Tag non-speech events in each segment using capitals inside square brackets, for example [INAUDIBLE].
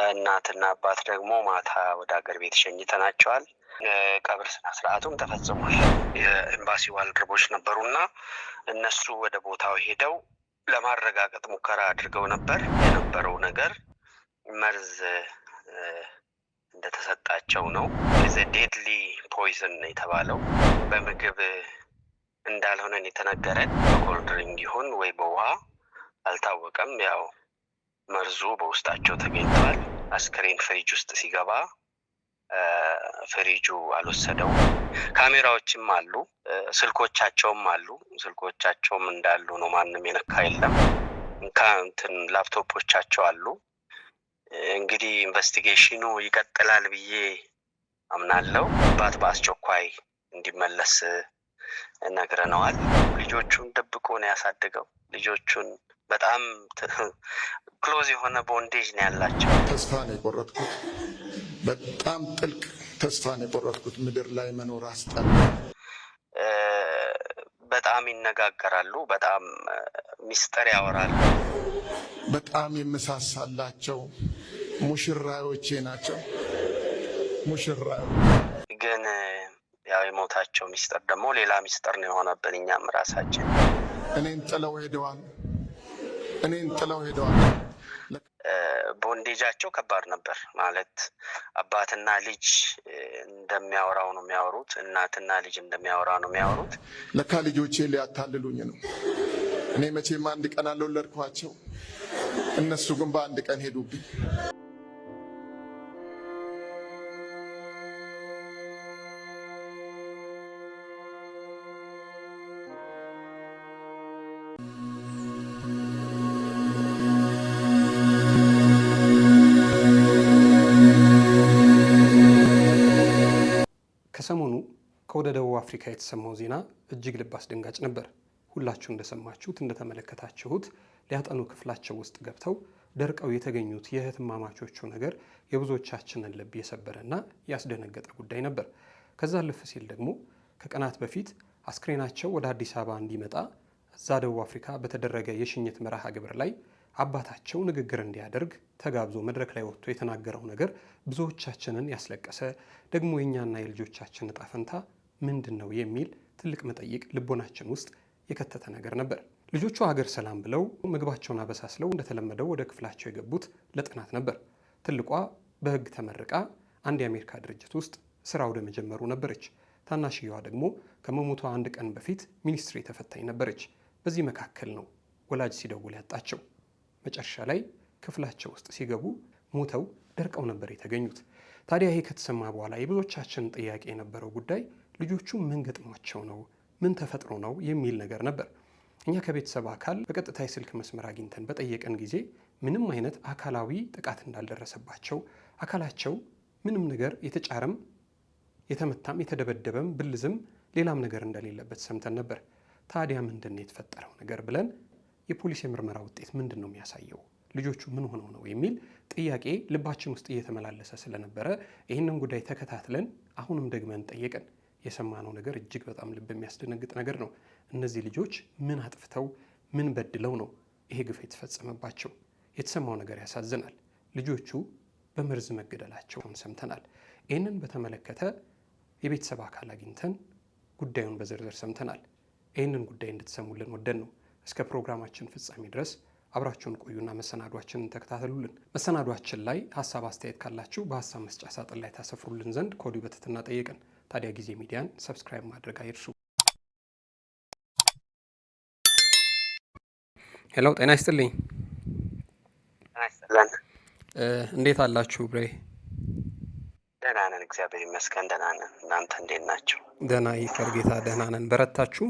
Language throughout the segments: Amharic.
እናትና አባት ደግሞ ማታ ወደ ሀገር ቤት ሸኝተናቸዋል። ቀብር ስነ ተፈጽሟል። የኤምባሲ ባልደረቦች ነበሩና እነሱ ወደ ቦታው ሄደው ለማረጋገጥ ሙከራ አድርገው ነበር። የነበረው ነገር መርዝ እንደተሰጣቸው ነው። ዴድሊ ፖይዝን የተባለው በምግብ እንዳልሆነን የተነገረን በኮልድሪንግ ይሁን ወይ በውሃ አልታወቀም ያው መርዙ በውስጣቸው ተገኝቷል። አስክሬን ፍሪጅ ውስጥ ሲገባ ፍሪጁ አልወሰደውም። ካሜራዎችም አሉ፣ ስልኮቻቸውም አሉ። ስልኮቻቸውም እንዳሉ ነው። ማንም የነካ የለም። እንትን ላፕቶፖቻቸው አሉ። እንግዲህ ኢንቨስቲጌሽኑ ይቀጥላል ብዬ አምናለው። ባት በአስቸኳይ እንዲመለስ ነግረነዋል። ልጆቹን ደብቆ ነው ያሳደገው። ልጆቹን በጣም ክሎዝ የሆነ ቦንዴጅ ነው ያላቸው። ተስፋ ነው የቆረጥኩት፣ በጣም ጥልቅ ተስፋ ነው የቆረጥኩት። ምድር ላይ መኖር አስጠላ። በጣም ይነጋገራሉ፣ በጣም ሚስጥር ያወራሉ። በጣም የምሳሳላቸው ሙሽራዎቼ ናቸው። ሙሽራ ግን ያው የሞታቸው ሚስጥር ደግሞ ሌላ ሚስጥር ነው የሆነብን እኛም ራሳችን እኔን ጥለው ሄደዋል። እኔን ጥለው ሄደዋል። ቦንዴጃቸው ከባድ ነበር ማለት አባትና ልጅ እንደሚያወራው ነው የሚያወሩት፣ እናትና ልጅ እንደሚያወራ ነው የሚያወሩት። ለካ ልጆቼ ሊያታልሉኝ ነው። እኔ መቼም አንድ ቀን አልወለድኳቸው፣ እነሱ ግን በአንድ ቀን ሄዱብኝ። አፍሪካ የተሰማው ዜና እጅግ ልብ አስደንጋጭ ነበር። ሁላችሁ እንደሰማችሁት እንደተመለከታችሁት ሊያጠኑ ክፍላቸው ውስጥ ገብተው ደርቀው የተገኙት የህትማማቾቹ ነገር የብዙዎቻችንን ልብ የሰበረና ያስደነገጠ ጉዳይ ነበር። ከዛ ልፍ ሲል ደግሞ ከቀናት በፊት አስክሬናቸው ወደ አዲስ አበባ እንዲመጣ እዛ ደቡብ አፍሪካ በተደረገ የሽኝት መርሃ ግብር ላይ አባታቸው ንግግር እንዲያደርግ ተጋብዞ መድረክ ላይ ወጥቶ የተናገረው ነገር ብዙዎቻችንን ያስለቀሰ ደግሞ የእኛና የልጆቻችን እጣ ፈንታ ምንድን ነው የሚል ትልቅ መጠይቅ ልቦናችን ውስጥ የከተተ ነገር ነበር። ልጆቹ ሀገር ሰላም ብለው ምግባቸውን አበሳስለው እንደተለመደው ወደ ክፍላቸው የገቡት ለጥናት ነበር። ትልቋ በሕግ ተመርቃ አንድ የአሜሪካ ድርጅት ውስጥ ስራ ወደ መጀመሩ ነበረች። ታናሽየዋ ደግሞ ከመሞቷ አንድ ቀን በፊት ሚኒስትሪ ተፈታኝ ነበረች። በዚህ መካከል ነው ወላጅ ሲደውል ያጣቸው። መጨረሻ ላይ ክፍላቸው ውስጥ ሲገቡ ሞተው ደርቀው ነበር የተገኙት። ታዲያ ይሄ ከተሰማ በኋላ የብዙዎቻችን ጥያቄ የነበረው ጉዳይ ልጆቹ ምን ገጥሟቸው ነው፣ ምን ተፈጥሮ ነው የሚል ነገር ነበር። እኛ ከቤተሰብ አካል በቀጥታ የስልክ መስመር አግኝተን በጠየቀን ጊዜ ምንም አይነት አካላዊ ጥቃት እንዳልደረሰባቸው አካላቸው ምንም ነገር የተጫረም የተመታም የተደበደበም ብልዝም ሌላም ነገር እንደሌለበት ሰምተን ነበር። ታዲያ ምንድን ነው የተፈጠረው ነገር ብለን የፖሊስ የምርመራ ውጤት ምንድን ነው የሚያሳየው ልጆቹ ምን ሆነው ነው የሚል ጥያቄ ልባችን ውስጥ እየተመላለሰ ስለነበረ ይህንን ጉዳይ ተከታትለን አሁንም ደግመን ጠየቅን። የሰማነው ነገር እጅግ በጣም ልብ የሚያስደነግጥ ነገር ነው። እነዚህ ልጆች ምን አጥፍተው ምን በድለው ነው ይሄ ግፍ የተፈጸመባቸው? የተሰማው ነገር ያሳዝናል። ልጆቹ በመርዝ መገደላቸውን ሰምተናል። ይህንን በተመለከተ የቤተሰብ አካል አግኝተን ጉዳዩን በዝርዝር ሰምተናል። ይህንን ጉዳይ እንድትሰሙልን ወደን ነው። እስከ ፕሮግራማችን ፍጻሜ ድረስ አብራችሁን ቆዩና መሰናዷችንን ተከታተሉልን። መሰናዷችን ላይ ሀሳብ አስተያየት ካላችሁ በሀሳብ መስጫ ሳጥን ላይ ታሰፍሩልን ዘንድ ከወዲሁ በትህትና ጠየቅን። ታዲያ ጊዜ ሚዲያን ሰብስክራይብ ማድረግ አይርሱ። ሄሎ፣ ጤና ይስጥልኝ። እንዴት አላችሁ ብሬ? ደህና ነን፣ እግዚአብሔር ይመስገን ደህና ነን። እናንተ እንዴት ናችሁ? ደህና ይፈር ጌታ ደህና ነን። በረታችሁ?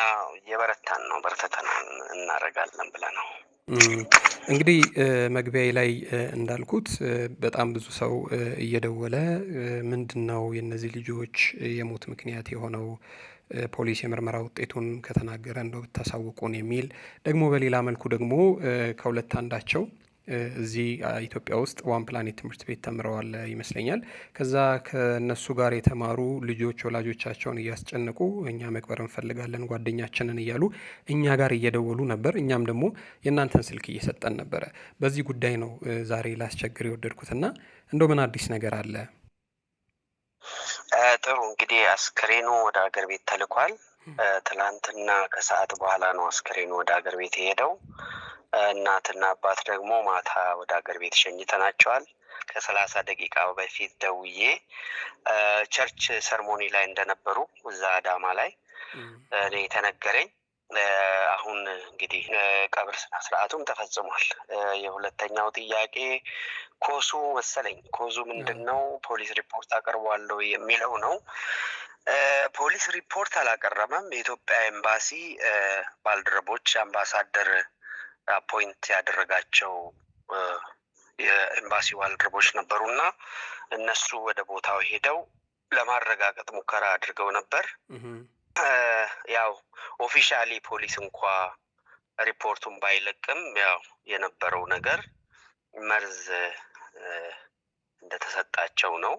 አዎ፣ እየበረታን ነው። በርተተናል፣ እናደርጋለን ብለህ ነው እንግዲህ መግቢያዬ ላይ እንዳልኩት በጣም ብዙ ሰው እየደወለ ምንድነው የእነዚህ ልጆች የሞት ምክንያት የሆነው? ፖሊስ የምርመራ ውጤቱን ከተናገረ እንደው ብታሳውቁን የሚል ደግሞ በሌላ መልኩ ደግሞ ከሁለት አንዳቸው እዚህ ኢትዮጵያ ውስጥ ዋን ፕላኔት ትምህርት ቤት ተምረዋል ይመስለኛል። ከዛ ከነሱ ጋር የተማሩ ልጆች ወላጆቻቸውን እያስጨነቁ እኛ መቅበር እንፈልጋለን ጓደኛችንን እያሉ እኛ ጋር እየደወሉ ነበር። እኛም ደግሞ የእናንተን ስልክ እየሰጠን ነበረ። በዚህ ጉዳይ ነው ዛሬ ላስቸግር የወደድኩትና እንደው ምን አዲስ ነገር አለ? ጥሩ እንግዲህ አስክሬኑ ወደ ሀገር ቤት ተልኳል። ትናንትና ከሰዓት በኋላ ነው አስክሬኑ ወደ ሀገር ቤት የሄደው። እናትና አባት ደግሞ ማታ ወደ ሀገር ቤት ሸኝተናቸዋል። ከሰላሳ ደቂቃ በፊት ደውዬ ቸርች ሰርሞኒ ላይ እንደነበሩ እዛ አዳማ ላይ እኔ የተነገረኝ አሁን እንግዲህ ቀብር ስነ ስርዓቱም ተፈጽሟል። የሁለተኛው ጥያቄ ኮሱ መሰለኝ ኮሱ ምንድን ነው ፖሊስ ሪፖርት አቀርቧለሁ የሚለው ነው። ፖሊስ ሪፖርት አላቀረበም። የኢትዮጵያ ኤምባሲ ባልደረቦች አምባሳደር አፖይንት ያደረጋቸው የኤምባሲ ባልደረቦች ነበሩ እና እነሱ ወደ ቦታው ሄደው ለማረጋገጥ ሙከራ አድርገው ነበር። ያው ኦፊሻሊ ፖሊስ እንኳ ሪፖርቱን ባይለቅም ያው የነበረው ነገር መርዝ እንደተሰጣቸው ነው።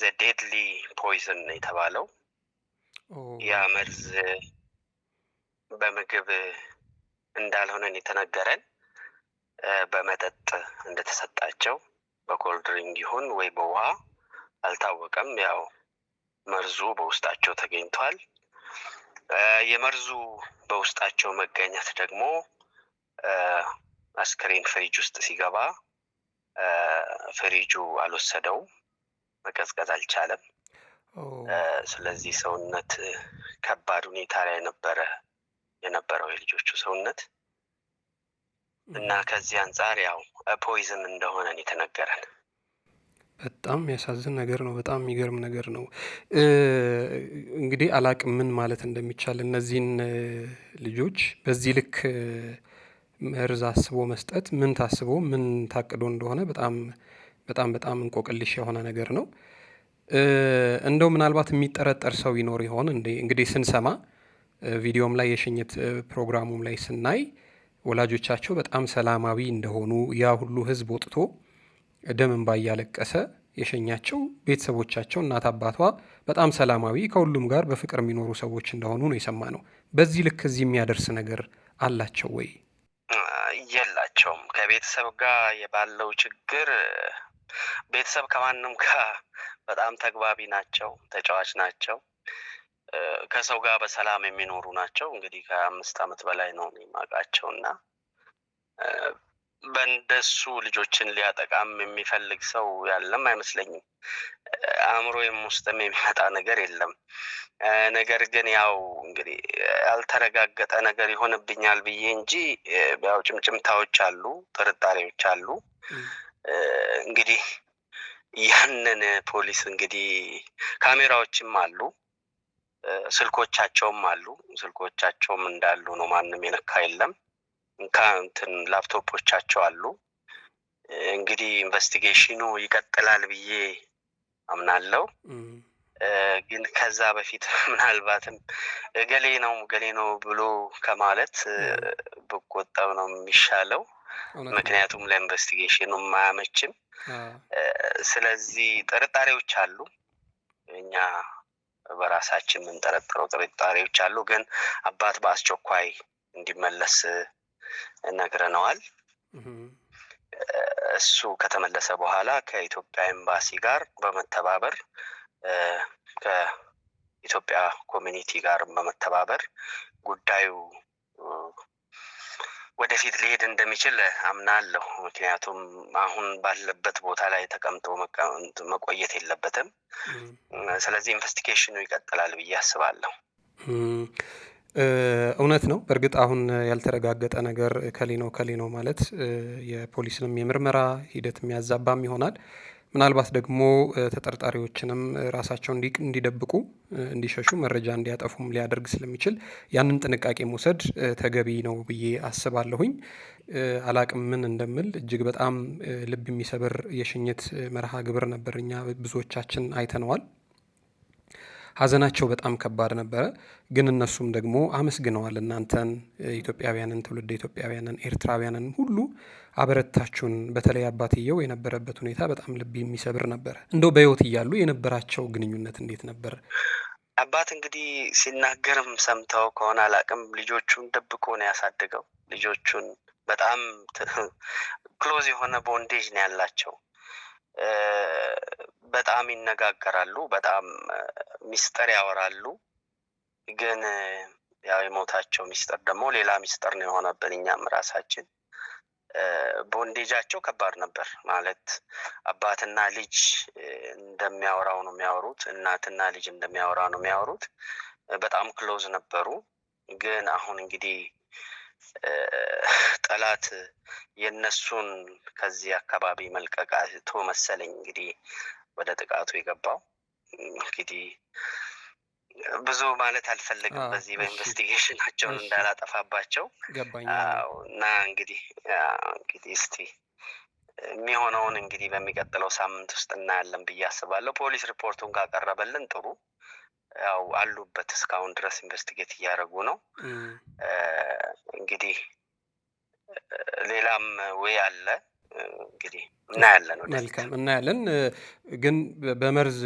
ዘ ዴድሊ ፖይዝን የተባለው ያ መርዝ በምግብ እንዳልሆነን የተነገረን በመጠጥ እንደተሰጣቸው በኮልድሪንግ ይሁን ወይ በውሃ አልታወቀም። ያው መርዙ በውስጣቸው ተገኝቷል። የመርዙ በውስጣቸው መገኘት ደግሞ አስክሬን ፍሪጅ ውስጥ ሲገባ ፍሪጁ አልወሰደውም፣ መቀዝቀዝ አልቻለም። ስለዚህ ሰውነት ከባድ ሁኔታ ላይ ነበረ የነበረው የልጆቹ ሰውነት እና ከዚህ አንጻር ያው ፖይዝም እንደሆነን የተነገረን በጣም የሚያሳዝን ነገር ነው። በጣም የሚገርም ነገር ነው። እንግዲህ አላቅ ምን ማለት እንደሚቻል እነዚህን ልጆች በዚህ ልክ መርዝ አስቦ መስጠት ምን ታስቦ ምን ታቅዶ እንደሆነ በጣም በጣም በጣም እንቆቅልሽ የሆነ ነገር ነው። እንደው ምናልባት የሚጠረጠር ሰው ይኖር ይሆን እንዴ? እንግዲህ ስንሰማ ቪዲዮም ላይ የሽኝት ፕሮግራሙም ላይ ስናይ ወላጆቻቸው በጣም ሰላማዊ እንደሆኑ ያ ሁሉ ህዝብ ወጥቶ ደም እንባ እያለቀሰ የሸኛቸው ቤተሰቦቻቸው እናት አባቷ በጣም ሰላማዊ ከሁሉም ጋር በፍቅር የሚኖሩ ሰዎች እንደሆኑ ነው የሰማ ነው። በዚህ ልክ እዚህ የሚያደርስ ነገር አላቸው ወይ? የላቸውም። ከቤተሰብ ጋር የባለው ችግር ቤተሰብ ከማንም ጋር በጣም ተግባቢ ናቸው፣ ተጫዋች ናቸው። ከሰው ጋር በሰላም የሚኖሩ ናቸው። እንግዲህ ከአምስት ዓመት በላይ ነው የማውቃቸው እና በእንደሱ ልጆችን ሊያጠቃም የሚፈልግ ሰው ያለም አይመስለኝም። አእምሮዬም ውስጥም የሚመጣ ነገር የለም። ነገር ግን ያው እንግዲህ ያልተረጋገጠ ነገር ይሆንብኛል ብዬ እንጂ ያው ጭምጭምታዎች አሉ፣ ጥርጣሬዎች አሉ። እንግዲህ ያንን ፖሊስ እንግዲህ ካሜራዎችም አሉ ስልኮቻቸውም አሉ። ስልኮቻቸውም እንዳሉ ነው። ማንም የነካ የለም። እንትን ላፕቶፖቻቸው አሉ። እንግዲህ ኢንቨስቲጌሽኑ ይቀጥላል ብዬ አምናለው። ግን ከዛ በፊት [LAUGHS] ምናልባትም ገሌ ነው ገሌ ነው ብሎ ከማለት ብቆጠብ ነው የሚሻለው። ምክንያቱም ለኢንቨስቲጌሽኑም አያመችም። ስለዚህ ጥርጣሬዎች አሉ እኛ በራሳችን የምንጠረጥረው ጥርጣሬዎች አሉ። ግን አባት በአስቸኳይ እንዲመለስ ነግረነዋል። እሱ ከተመለሰ በኋላ ከኢትዮጵያ ኤምባሲ ጋር በመተባበር ከኢትዮጵያ ኮሚኒቲ ጋር በመተባበር ጉዳዩ ወደፊት ሊሄድ እንደሚችል አምናለሁ። ምክንያቱም አሁን ባለበት ቦታ ላይ ተቀምጦ መቆየት የለበትም። ስለዚህ ኢንቨስቲጌሽኑ ይቀጥላል ብዬ አስባለሁ። እውነት ነው። በእርግጥ አሁን ያልተረጋገጠ ነገር ከሊኖ ከሊኖ ማለት የፖሊስንም የምርመራ ሂደት የሚያዛባም ይሆናል። ምናልባት ደግሞ ተጠርጣሪዎችንም ራሳቸው እንዲደብቁ፣ እንዲሸሹ፣ መረጃ እንዲያጠፉም ሊያደርግ ስለሚችል ያንን ጥንቃቄ መውሰድ ተገቢ ነው ብዬ አስባለሁኝ። አላቅም ምን እንደምል እጅግ በጣም ልብ የሚሰብር የሽኝት መርሃ ግብር ነበር። እኛ ብዙዎቻችን አይተነዋል። ሀዘናቸው በጣም ከባድ ነበረ። ግን እነሱም ደግሞ አመስግነዋል። እናንተን ኢትዮጵያውያንን፣ ትውልድ ኢትዮጵያውያንን፣ ኤርትራውያንን ሁሉ አበረታችሁን። በተለይ አባትየው የነበረበት ሁኔታ በጣም ልብ የሚሰብር ነበረ። እንደው በህይወት እያሉ የነበራቸው ግንኙነት እንዴት ነበር? አባት እንግዲህ ሲናገርም ሰምተው ከሆነ አላቅም፣ ልጆቹን ደብቆ ነው ያሳደገው። ልጆቹን በጣም ክሎዝ የሆነ ቦንዴጅ ነው ያላቸው በጣም ይነጋገራሉ፣ በጣም ሚስጥር ያወራሉ። ግን ያው የሞታቸው ሚስጥር ደግሞ ሌላ ሚስጥር ነው የሆነብን እኛም ራሳችን ቦንዴጃቸው ከባድ ነበር። ማለት አባትና ልጅ እንደሚያወራው ነው የሚያወሩት፣ እናትና ልጅ እንደሚያወራ ነው የሚያወሩት። በጣም ክሎዝ ነበሩ። ግን አሁን እንግዲህ ጠላት የነሱን ከዚህ አካባቢ መልቀቃቶ መሰለኝ እንግዲህ ወደ ጥቃቱ የገባው። እንግዲህ ብዙ ማለት አልፈልግም በዚህ በኢንቨስቲጌሽናቸውን እንዳላጠፋባቸው እና እንግዲህ እንግዲህ እስቲ የሚሆነውን እንግዲህ በሚቀጥለው ሳምንት ውስጥ እናያለን ብዬ አስባለሁ። ፖሊስ ሪፖርቱን ካቀረበልን ጥሩ ያው አሉበት እስካሁን ድረስ ኢንቨስቲጌት እያደረጉ ነው። እንግዲህ ሌላም ወይ አለ እንግዲህ እናያለን። መልካም እናያለን። ግን በመርዝ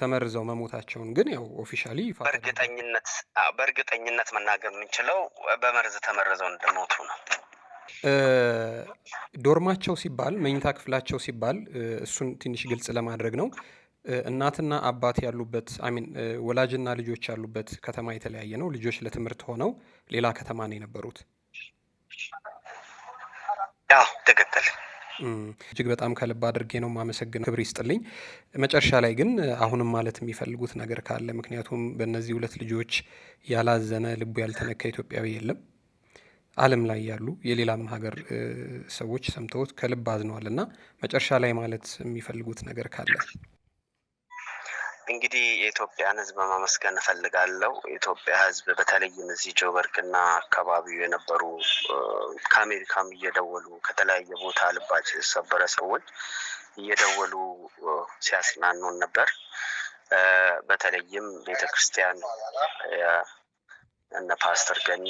ተመርዘው መሞታቸውን ግን ያው ኦፊሻሊ በእርግጠኝነት በእርግጠኝነት መናገር የምንችለው በመርዝ ተመርዘው እንደሞቱ ነው። ዶርማቸው ሲባል መኝታ ክፍላቸው ሲባል እሱን ትንሽ ግልጽ ለማድረግ ነው እናትና አባት ያሉበት አሚን ወላጅና ልጆች ያሉበት ከተማ የተለያየ ነው። ልጆች ለትምህርት ሆነው ሌላ ከተማ ነው የነበሩት። ያው ትክክል። እጅግ በጣም ከልብ አድርጌ ነው የማመሰግነው ክብር ይስጥልኝ። መጨረሻ ላይ ግን አሁንም ማለት የሚፈልጉት ነገር ካለ ምክንያቱም በእነዚህ ሁለት ልጆች ያላዘነ ልቡ ያልተነካ ኢትዮጵያዊ የለም። ዓለም ላይ ያሉ የሌላም ሀገር ሰዎች ሰምተውት ከልብ አዝነዋል እና መጨረሻ ላይ ማለት የሚፈልጉት ነገር ካለ እንግዲህ የኢትዮጵያን ህዝብ ማመስገን እፈልጋለሁ። የኢትዮጵያ ህዝብ በተለይም እዚህ ጆበርግና አካባቢው የነበሩ ከአሜሪካም እየደወሉ ከተለያየ ቦታ ልባቸው የተሰበረ ሰዎች እየደወሉ ሲያስናኑን ነበር። በተለይም ቤተ ክርስቲያን እነ ፓስተር ገኒ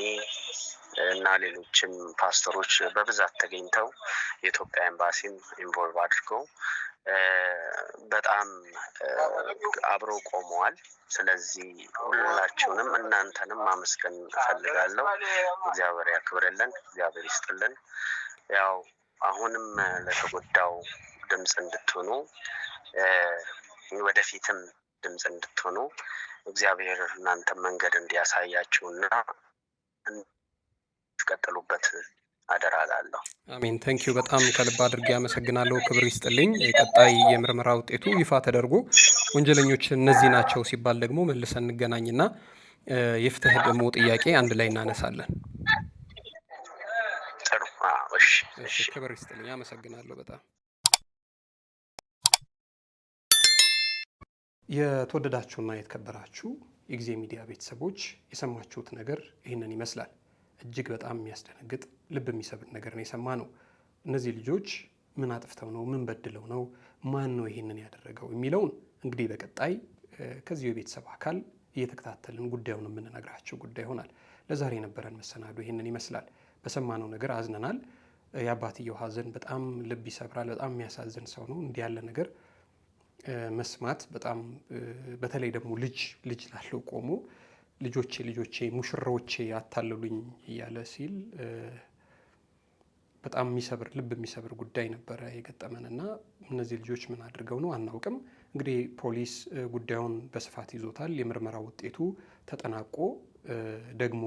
እና ሌሎችም ፓስተሮች በብዛት ተገኝተው የኢትዮጵያ ኤምባሲን ኢንቮልቭ አድርገው በጣም አብሮ ቆመዋል። ስለዚህ ሁላችሁንም እናንተንም ማመስገን እፈልጋለሁ። እግዚአብሔር ያክብርልን፣ እግዚአብሔር ይስጥልን። ያው አሁንም ለተጎዳው ድምፅ እንድትሆኑ ወደፊትም ድምፅ እንድትሆኑ እግዚአብሔር እናንተን መንገድ እንዲያሳያችሁና ቀጥሉበት። አደራላለሁ። አሜን። በጣም ከልብ አድርጌ አመሰግናለሁ። ክብር ይስጥልኝ። የቀጣይ የምርመራ ውጤቱ ይፋ ተደርጎ ወንጀለኞች እነዚህ ናቸው ሲባል ደግሞ መልሰን እንገናኝና የፍትህ ደግሞ ጥያቄ አንድ ላይ እናነሳለን። ክብር ይስጥልኝ። አመሰግናለሁ በጣም የተወደዳችሁና የተከበራችሁ የጊዜ ሚዲያ ቤተሰቦች የሰማችሁት ነገር ይህንን ይመስላል። እጅግ በጣም የሚያስደነግጥ ልብ የሚሰብር ነገር ነው የሰማ ነው። እነዚህ ልጆች ምን አጥፍተው ነው? ምን በድለው ነው? ማን ነው ይሄንን ያደረገው የሚለውን እንግዲህ በቀጣይ ከዚሁ የቤተሰብ አካል እየተከታተልን ጉዳዩን የምንነግራቸው ጉዳይ ይሆናል። ለዛሬ የነበረን መሰናዶ ይህንን ይመስላል። በሰማነው ነገር አዝነናል። የአባትየው ሀዘን በጣም ልብ ይሰብራል። በጣም የሚያሳዝን ሰው ነው። እንዲህ ያለ ነገር መስማት በጣም በተለይ ደግሞ ልጅ ልጅ ላለው ቆሞ ልጆቼ ልጆቼ ሙሽራዎቼ አታለሉኝ እያለ ሲል በጣም የሚሰብር ልብ የሚሰብር ጉዳይ ነበረ የገጠመን እና እነዚህ ልጆች ምን አድርገው ነው አናውቅም። እንግዲህ ፖሊስ ጉዳዩን በስፋት ይዞታል። የምርመራ ውጤቱ ተጠናቆ ደግሞ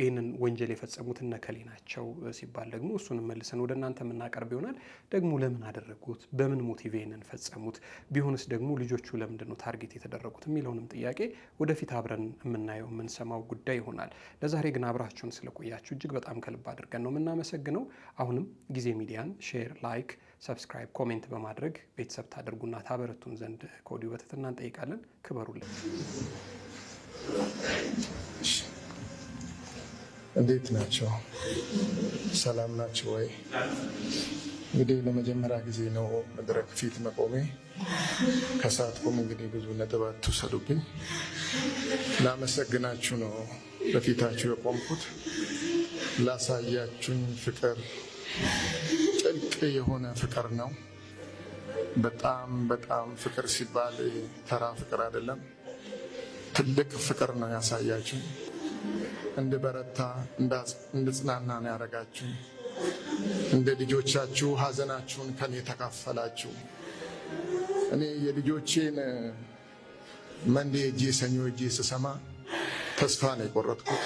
ይህንን ወንጀል የፈጸሙት እነከሌ ናቸው ሲባል ደግሞ እሱን መልሰን ወደ እናንተ የምናቀርብ ይሆናል። ደግሞ ለምን አደረጉት? በምን ሞቲቭ ይህንን ፈጸሙት? ቢሆንስ ደግሞ ልጆቹ ለምንድን ነው ታርጌት የተደረጉት የሚለውንም ጥያቄ ወደፊት አብረን የምናየው የምንሰማው ጉዳይ ይሆናል። ለዛሬ ግን አብራችሁን ስለቆያችሁ እጅግ በጣም ከልብ አድርገን ነው የምናመሰግነው። አሁንም ጊዜ ሚዲያን ሼር፣ ላይክ፣ ሰብስክራይብ፣ ኮሜንት በማድረግ ቤተሰብ ታደርጉና ታበረቱን ዘንድ ከወዲሁ በትህትና እንጠይቃለን። ክበሩልን። እንዴት ናቸው? ሰላም ናቸው ወይ? እንግዲህ ለመጀመሪያ ጊዜ ነው መድረክ ፊት መቆሜ። ቁም እንግዲህ ብዙ ነጥብ አትውሰዱብኝ። ላመሰግናችሁ ነው በፊታችሁ የቆምኩት። ላሳያችሁኝ ፍቅር ጥልቅ የሆነ ፍቅር ነው። በጣም በጣም ፍቅር ሲባል ተራ ፍቅር አይደለም፣ ትልቅ ፍቅር ነው ያሳያችሁኝ። እንድበረታ እንድጽናና ነው ያደረጋችሁ። እንደ ልጆቻችሁ ሐዘናችሁን ከኔ ተካፈላችሁ። እኔ የልጆቼን መንዴ እጄ ሰኞ እጄ ስሰማ ተስፋ ነው የቆረጥኩት።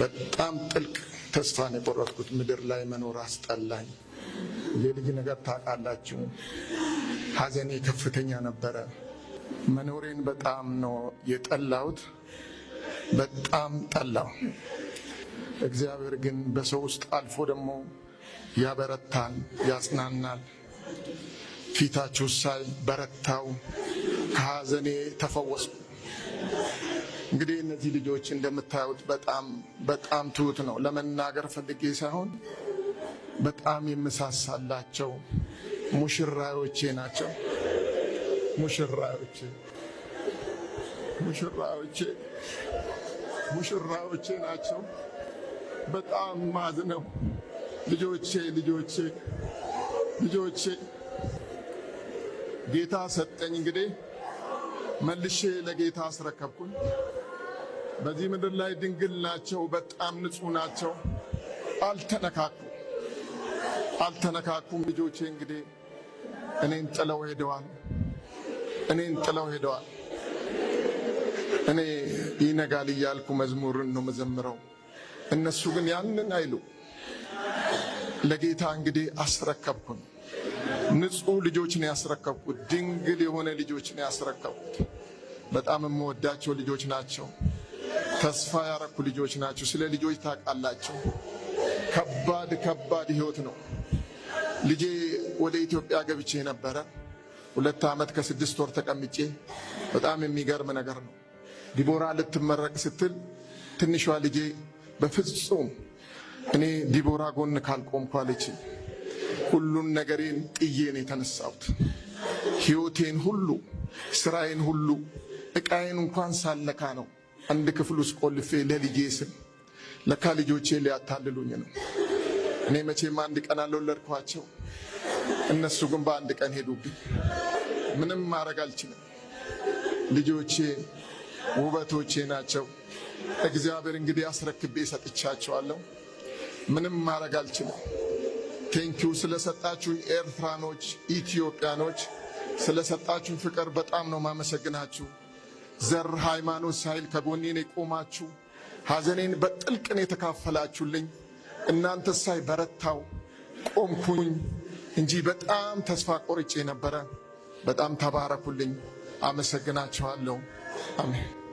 በጣም ጥልቅ ተስፋ ነው የቆረጥኩት። ምድር ላይ መኖር አስጠላኝ። የልጅ ነገር ታውቃላችሁ። ሐዘኔ ከፍተኛ ነበረ። መኖሬን በጣም ነው የጠላሁት። በጣም ጠላው። እግዚአብሔር ግን በሰው ውስጥ አልፎ ደግሞ ያበረታል፣ ያጽናናል። ፊታችሁ ሳይ በረታው፣ ከሐዘኔ ተፈወሱ። እንግዲህ እነዚህ ልጆች እንደምታዩት በጣም በጣም ትሁት ነው። ለመናገር ፈልጌ ሳይሆን በጣም የምሳሳላቸው ሙሽራዮቼ ናቸው። ሙሽራዮቼ ሙሽራዮቼ ሙሽራዎቼ ናቸው። በጣም ማዝነው ልጆቼ ልጆቼ ልጆቼ ጌታ ሰጠኝ። እንግዲህ መልሼ ለጌታ አስረከብኩኝ። በዚህ ምድር ላይ ድንግል ናቸው። በጣም ንጹህ ናቸው። አልተነካኩ አልተነካኩም። ልጆቼ እንግዲህ እኔን ጥለው ሄደዋል። እኔን ጥለው ሄደዋል። እኔ ይነጋል እያልኩ መዝሙርን ነው መዘምረው። እነሱ ግን ያንን አይሉ። ለጌታ እንግዲህ አስረከብኩን። ንጹህ ልጆች ነው ያስረከብኩት። ድንግል የሆነ ልጆች ነው ያስረከብኩት። በጣም የምወዳቸው ልጆች ናቸው። ተስፋ ያረኩ ልጆች ናቸው። ስለ ልጆች ታውቃላቸው። ከባድ ከባድ ህይወት ነው። ልጄ ወደ ኢትዮጵያ ገብቼ ነበረ። ሁለት ዓመት ከስድስት ወር ተቀምጬ በጣም የሚገርም ነገር ነው። ዲቦራ ልትመረቅ ስትል ትንሿ ልጄ በፍጹም እኔ ዲቦራ ጎን ካልቆምኩ አለች። ሁሉን ነገሬን ጥዬን የተነሳሁት ሕይወቴን ሁሉ ስራዬን ሁሉ እቃዬን እንኳን ሳለካ ነው አንድ ክፍል ውስጥ ቆልፌ ለልጄ ስም። ለካ ልጆቼ ሊያታልሉኝ ነው። እኔ መቼም አንድ ቀን አልወለድኳቸው፣ እነሱ ግን በአንድ ቀን ሄዱብኝ። ምንም ማድረግ አልችልም ልጆቼ ውበቶቼ ናቸው። እግዚአብሔር እንግዲህ አስረክቤ ሰጥቻቸዋለሁ። ምንም ማድረግ አልችልም። ቴንኪው ስለሰጣችሁ ኤርትራኖች፣ ኢትዮጵያኖች ስለሰጣችሁ ፍቅር በጣም ነው ማመሰግናችሁ። ዘር ሃይማኖት ሳይል ከጎኔን የቆማችሁ ሐዘኔን በጥልቅን የተካፈላችሁልኝ እናንተ ሳይ በረታው ቆምኩኝ እንጂ በጣም ተስፋ ቆርጬ ነበረ። በጣም ተባረኩልኝ። አመሰግናችኋለሁ። Amén.